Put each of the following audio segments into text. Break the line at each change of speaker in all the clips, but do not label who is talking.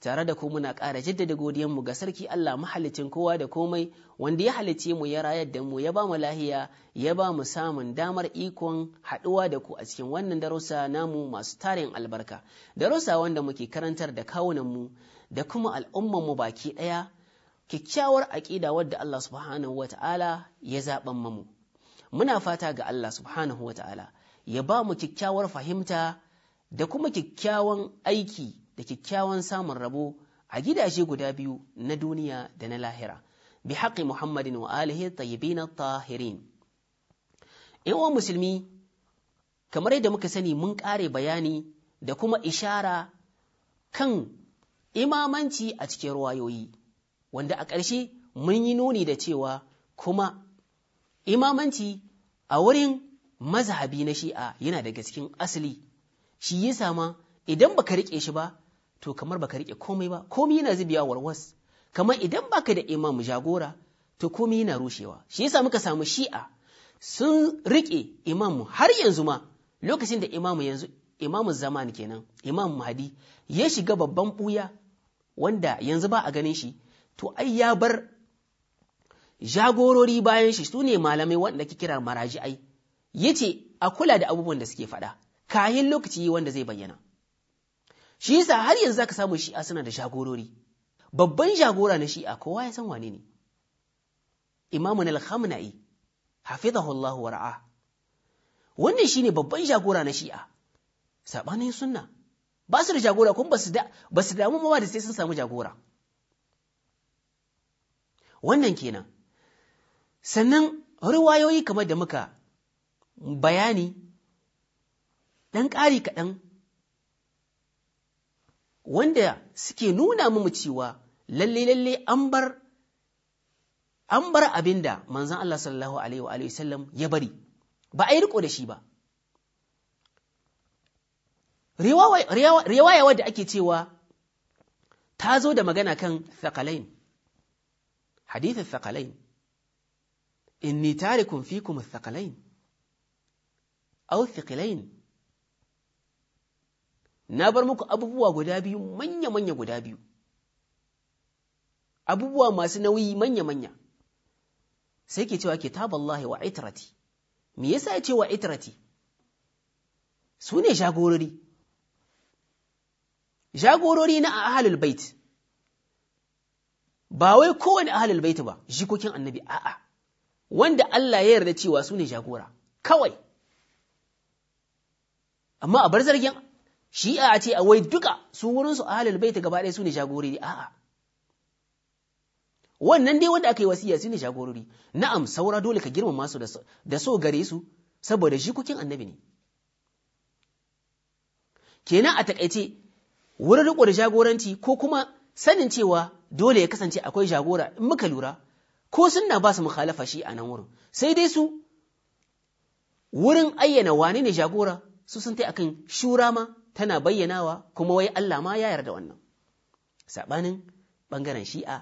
tare da ku muna ƙara jaddada godiyanmu ga sarki Allah mahalicin kowa da komai wanda ya halicce mu ya rayar da mu ya ba mu lahiya ya ba mu samun damar ikon haɗuwa da ku a cikin wannan darussa namu masu tarin albarka darussa wanda muke karantar da kawunan mu da kuma al'umman mu baki ɗaya kyakkyawar aƙida wadda Allah subhanahu wata'ala ya zaɓan mamu muna fata ga Allah subhanahu wata'ala ya ba mu kyakkyawar fahimta da kuma kyakkyawan aiki da kyakkyawan samun rabo a gidaje guda biyu na duniya da na lahira bi haƙi muhammadin wa alihi tayyibin tahirin uwan musulmi kamar yadda muka sani mun ƙare bayani da kuma ishara kan imamanci a cikin ruwayoyi wanda a ƙarshe mun yi nuni da cewa kuma imamanci a wurin mazhabi na shi'a yana daga cikin asali shi yi sama idan baka riƙe shi ba to kamar baka rike komai ba komai yana zubiya warwas kamar idan baka da imam jagora to komai yana rushewa shi yasa muka samu shi'a sun rike imam har yanzu ma lokacin da imamu yanzu imamu zaman kenan imam mahdi ya shiga babban buya wanda yanzu ba a ganin shi to ai ya bar jagorori bayan shi su ne malamai wanda ke kira maraji'ai ya ce a kula da abubuwan da suke faɗa kayan lokaci wanda zai bayyana shi yasa har yanzu zaka samu shi'a suna da shagorori babban shagora na shi'a kowa ya san wane ne imamun al-khamna'i hafizahullahu ra'a, wannan shine babban shagora na shi'a sabanin sunna ba su da jagora kuma ba su damu mawa da sai sun samu jagora wannan kenan sannan ruwayoyi kamar da muka bayani ɗan ƙari kaɗan wanda suke nuna mu cewa lalle lalle an bar an bar abin da manzon Allah sallallahu alaihi wa alihi sallam ya bari ba a yi riko da shi ba riwaya wadda ake cewa ta zo da magana kan thaqalain hadith thaqalain inni tarikum fikum thaqalain aw thiqalain na bar muku abubuwa guda biyu manya-manya guda biyu abubuwa masu nauyi manya-manya sai ke cewa ke kitaballahi wa itrati me yasa ya ce wa itrati su ne jagorori jagorori na ahalul bait ba wai kowane ahalul bait ba jikokin annabi a'a wanda Allah ya yarda cewa su ne jagora kawai amma a bar zargin shi'a ce a wai duka su wurinsu bai ta gaba ɗaya su ne shagorori a'a wannan dai wanda aka yi wasiya su ne shagorori na'am saura dole ka girmama su da so gare su saboda kukin annabi ne kenan a takaice wurin riko da jagoranci ko kuma sanin cewa dole ya kasance akwai jagora in muka lura ko sunna ba su mukhalafa shi a nan wurin sai dai su wurin ayyana wane ne jagora su sun tai akan shura ma tana bayyanawa kuma wai Allah ma ya yarda wannan saɓanin ɓangaren shi'a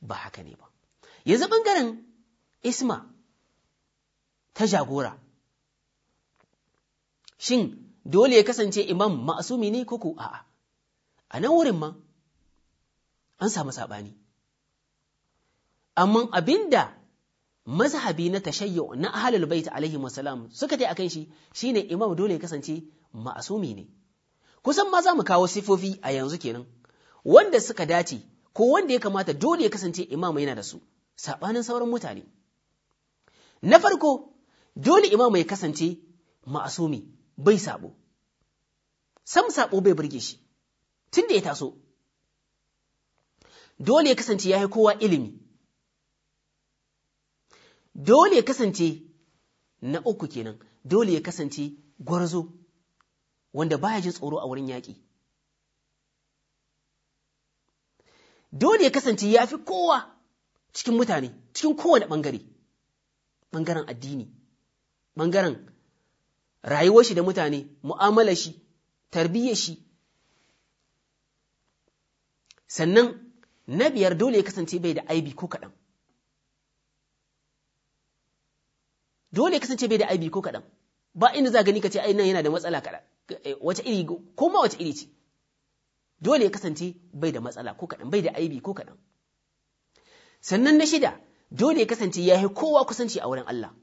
ba haka ne ba yanzu ɓangaren isma ta jagora shin dole ya kasance imam ma'asumi ne koko a'a a nan wurin ma an samu saɓani amma abinda mazhabi na tashayyo na ahlul bait alaihi wasalam suka tai akan shi shine imam dole ya kasance ma'asumi ne kusan ma za mu kawo sifofi a yanzu kenan wanda suka dace ko wanda ya kamata dole ya kasance imam yana da su saɓanin sauran mutane na farko dole imam ya kasance ma'asumi bai saɓo, sam saɓo bai burge shi tun da ya taso dole ya kasance ya kowa ilimi dole ya kasance na uku kenan dole ya kasance gwarzo wanda baya jin tsoro a wurin yaƙi dole ya kasance ya fi kowa cikin mutane cikin kowane ɓangare ɓangaren addini ɓangaren rayuwar shi da mutane mu'amala shi tarbiyyar shi sannan na biyar dole ya kasance bai da aibi ko kaɗan dole ya kasance bai da aibi ko kaɗan ba inda za gani ka ce ai nan yana da matsala kaɗan eh, wace iri ko ma wace iri ce dole ya kasance bai da matsala ko kaɗan bai da aibi ko kaɗan sannan na shida dole ya kasance ya yi kowa kusanci a wurin Allah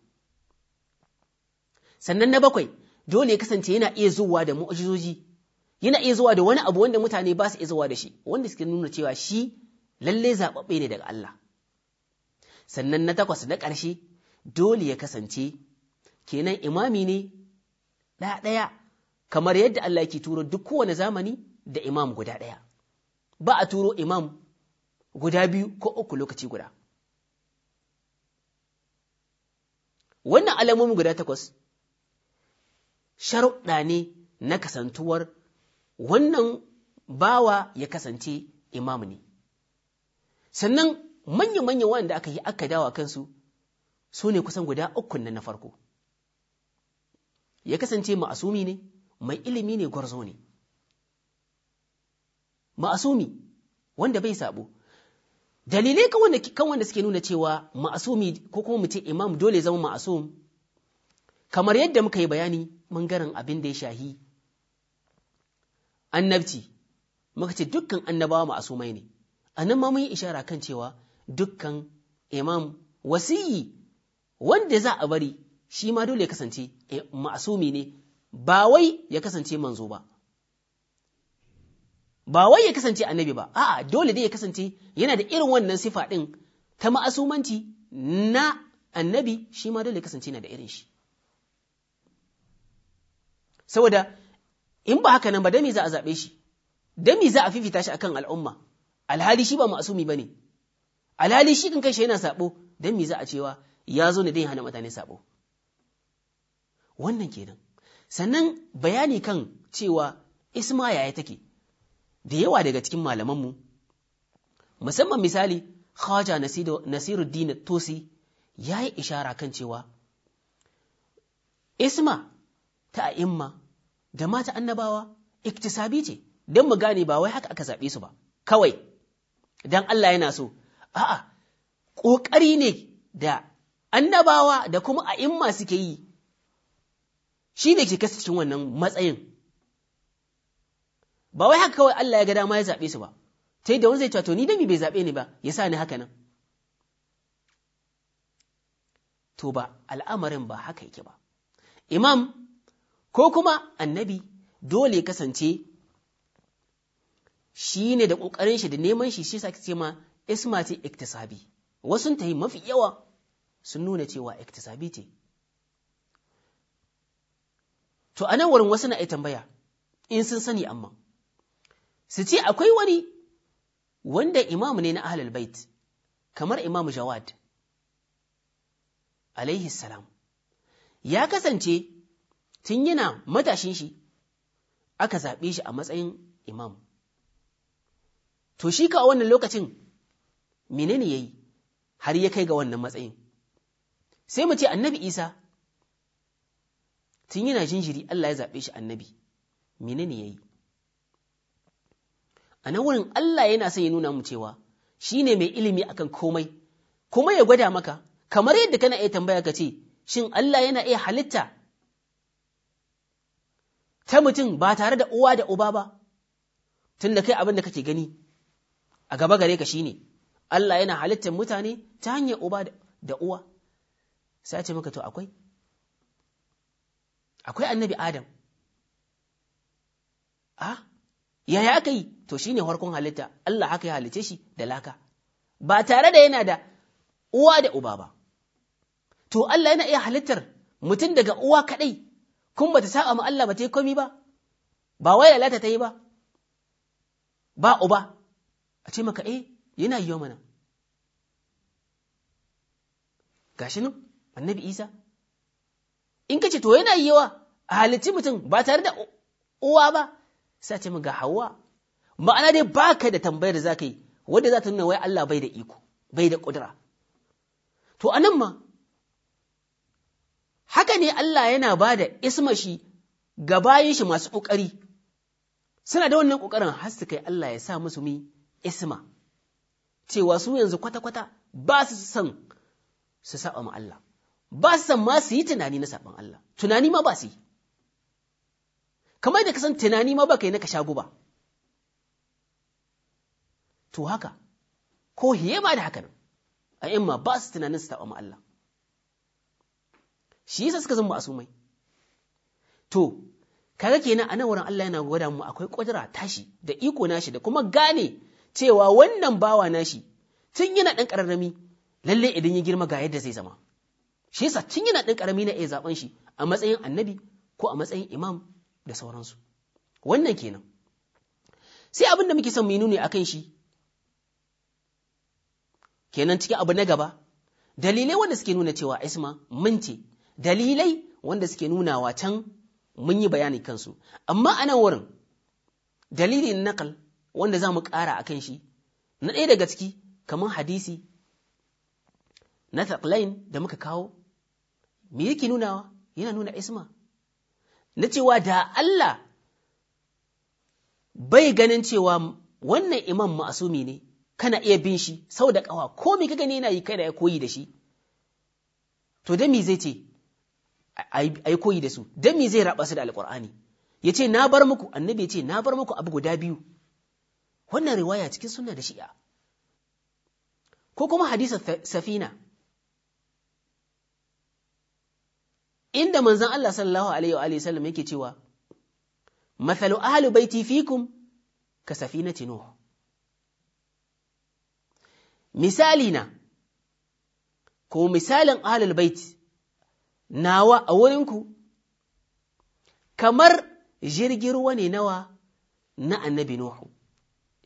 sannan na bakwai dole ya kasance yana iya zuwa da mu'ajizoji yana iya zuwa da wani abu wanda mutane ba su iya zuwa da shi wanda suke nuna cewa shi lalle zaɓaɓɓe ne daga Allah sannan na takwas na ƙarshe dole ya kasance kenan imami ne ɗaya ɗaya kamar yadda Allah yake turo duk kowane zamani da imam guda ɗaya ba a turo imam guda biyu ko uku lokaci guda wannan alamomi guda takwas sharuɗa ne na kasantuwar wannan bawa ya kasance imam ne sannan manya-manya wanda aka yi aka dawa kansu su ne kusan guda uku na farko ya kasance ma'asumi ne mai ilimi ne gwarzo ne ma'asumi wanda bai sabo dalilai kan wanda suke nuna cewa ma'asumi ko kuma mutum imam dole zama ma'asum kamar yadda muka yi bayani garin abin da ya shahi annabci muka ce dukkan annabawa ma'asumai ne a nan ma mun yi ishara kan cewa dukkan imam wasiyi wanda za a bari shi ma dole ya kasance eh, ma'asumi ne ba wai ya kasance manzo ba ba wai ya kasance annabi ba a'a dole dai ya kasance yana da irin wannan sifa din ta ma'asumanci na annabi shi ma dole ya kasance yana da irin shi saboda in ba haka nan ba dami za a zaɓe shi dami za a fifita shi akan al'umma alhali shi ba ma'asumi bane alhali shi kan kai shi yana saɓo, dami za a cewa ya zo ne dai hana mutane saɓo. wannan kenan sannan bayani kan cewa isma yaya take da yawa daga cikin malamanmu musamman misali khaja nasiruddin tosi ya yi ishara kan cewa isma ta imma da mata annabawa iktisabi ce don mu gane ba wai haka aka zaɓe su ba kawai don Allah yana so a'a ƙoƙari ne da annabawa da kuma a'imma suke yi shi ne ke kasa cikin wannan matsayin ba wai haka kawai Allah ya ga dama ya zaɓe su ba ta yi da wani zai cewa ni dami bai zaɓe ni ba ya sa ni haka nan to ba al'amarin ba haka yake ba imam ko kuma annabi dole kasance shi ne da ƙoƙarin shi da neman shi shi sa ce ma isma ce iktisabi wasu ta yi mafi yawa sun nuna cewa iktisabi ce To, a nan wurin wasu na iya tambaya, in sun sani amma, su ce akwai wani wanda imamu ne na ahlul bait kamar imamu Jawad, alaihi salam, ya kasance tun yana matashin shi aka zaɓe shi a matsayin imam. To, shi ka a wannan lokacin menene ya yi har ya kai ga wannan matsayin. Sai mu ce annabi Isa tun yana jinjiri Allah ya zaɓe shi annabi menene yi? a nan wurin Allah yana son ya nuna mu cewa shi ne mai ilimi akan komai kuma ya gwada maka kamar yadda kana iya tambaya ka ce shin Allah yana iya halitta ta mutum ba tare da uwa da uba ba tun da kai abin da kake gani a gaba gare ka shine Allah yana halittar mutane ta hanyar uba da uwa sai ce maka to akwai akwai annabi Adam. A, ah, yaya aka yi, to shi ne farkon halitta, Allah haka ya halice shi da laka, ba tare da yana da uwa da uba ba. To Allah yana iya halittar mutum daga uwa kaɗai, kun ba ta saba ma Allah ba ta yi komi ba, ba wai lalata ta yi ba, ba uba, a ce maka eh yana yiwa mana. Gashi nan, annabi Isa, in ka ce to yana yiwa a halicci mutum ba tare da uwa ba sai ce ga hawa ma'ana dai baka da tambayar da ka yi wanda za ta nuna wai Allah bai da iko bai da kudura to anan ma haka ne Allah yana ba da ismashi ga bayan shi masu ƙoƙari suna da wannan ƙoƙarin har su kai Allah ya sa musu mi isma cewa su yanzu kwata-kwata ba su san su saba ma Allah ba su san ma su yi tunani na saɓon Allah tunani ma ba su yi kamar da ka san tunani ma ba ka yi na ka shago ba to haka ko hiye ma da haka nan a yamma ba su tunanin su taɓa ma Allah shi yasa suka zama mai to kaga kenan a nan wurin Allah yana gwada mu akwai ƙudura tashi da iko nashi da kuma gane cewa wannan bawa nashi tun yana ɗan ƙararrami lalle idan ya girma ga yadda zai zama shi yasa tun yana ɗan ƙarami na iya zaɓen shi a matsayin annabi ko a matsayin imam da sauransu wannan kenan sai abin da muke son mu yi nuni akan shi kenan cikin abu na gaba dalilai wanda suke nuna cewa isma mun ce dalilai wanda suke nuna wa can mun yi bayani kansu amma a nan wurin dalilin nakal wanda za mu ƙara a kan shi na ɗaya daga ciki kamar hadisi na thaklain da muka kawo me yake nuna nunawa yana nuna isma na cewa da Allah bai ganin cewa wannan imam ma'asumi ne kana iya bin shi sau da ƙawa ko me ka gani yana yi kai da ya koyi da shi to da me zai ce a yi koyi da su da me zai raba su da alƙur'ani ya na bar muku annabi Yace na bar muku abu guda biyu wannan riwaya cikin suna da shi'a ko kuma hadisin safina inda manzon Allah sallallahu alaihi wa alihi sallam yake cewa mathalu ahli baiti fikum ka safinati Misali na ko misalin ahlul baiti nawa a wurinku kamar jirgin ruwa ne nawa na annabi nuhu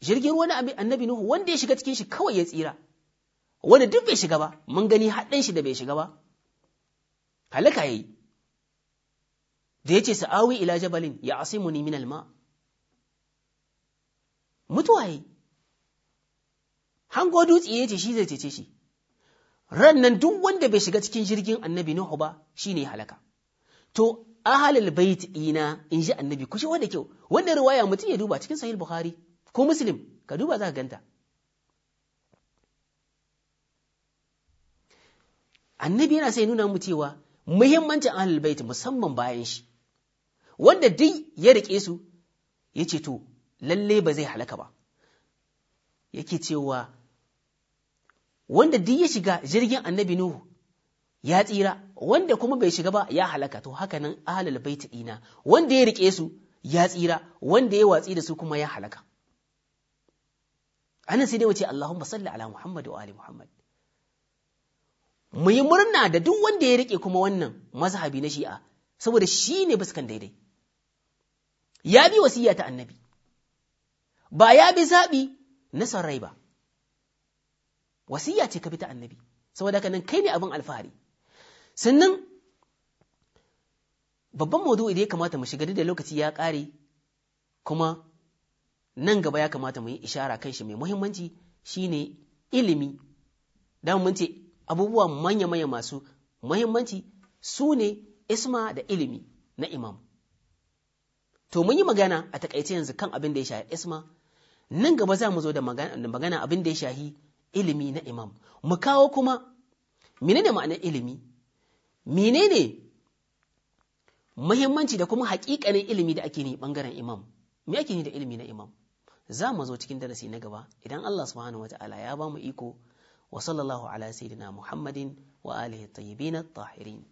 jirgin ruwa na annabi nuhu wanda ya shiga cikin shi kawai ya tsira wanda duk bai shiga ba mun gani haɗin shi da bai shiga ba halaka yayi da ya yace sa'awi ila jabalin ya asimuni min alma mutuwaye hango dutse yace shi zai cece shi ran nan duk wanda bai shiga cikin jirgin annabi Nuhu ba shine halaka to ahalul bait ina in ji annabi kushi wanda kyau wannan riwaya mutum ya duba cikin sahih bukhari ko muslim ka duba za ka ganta annabi yana sai nuna mu cewa muhimmancin ahlul bait musamman bayan shi wanda duk ya riƙe su ya ce to lalle ba zai halaka ba yake cewa wanda duk ya shiga jirgin annabi nuhu ya tsira wanda kuma bai shiga ba ya halaka to haka nan ahlul baiti dina wanda ya rike su ya tsira wanda ya watsi da su kuma ya halaka anan sai dai wace Allahumma salli ala Muhammad wa ali Muhammad mu yi murna da duk wanda ya riƙe kuma wannan mazhabi na Shi'a saboda shi ne fuskan daidai ya bi wasiyya ta annabi ba ya bi zaɓi na son rai ba wasiya ce ka bi ta annabi saboda haka nan kai ne abin alfahari sannan babban modu idan ya kamata mu shiga da lokaci ya ƙare kuma nan gaba ya kamata mu yi ishara kan shi mai muhimmanci shine ilimi da mun ce abubuwa manya-manya masu muhimmanci su ne isma da ilimi na imam to mun yi magana a takaice yanzu kan abin da ya shahi isma nan gaba za mu zo da magana abin da ya shahi ilimi na imam mu kawo kuma menene ma'anar ilimi menene muhimmanci da kuma haƙiƙanin ilimi da ake ni bangaren imam me ake ni da ilimi na imam za mu zo cikin darasi na gaba idan Allah subhanahu wata'ala ya ba mu iko wa sallallahu ala sayyidina Muhammadin wa alihi tayyibin at-tahirin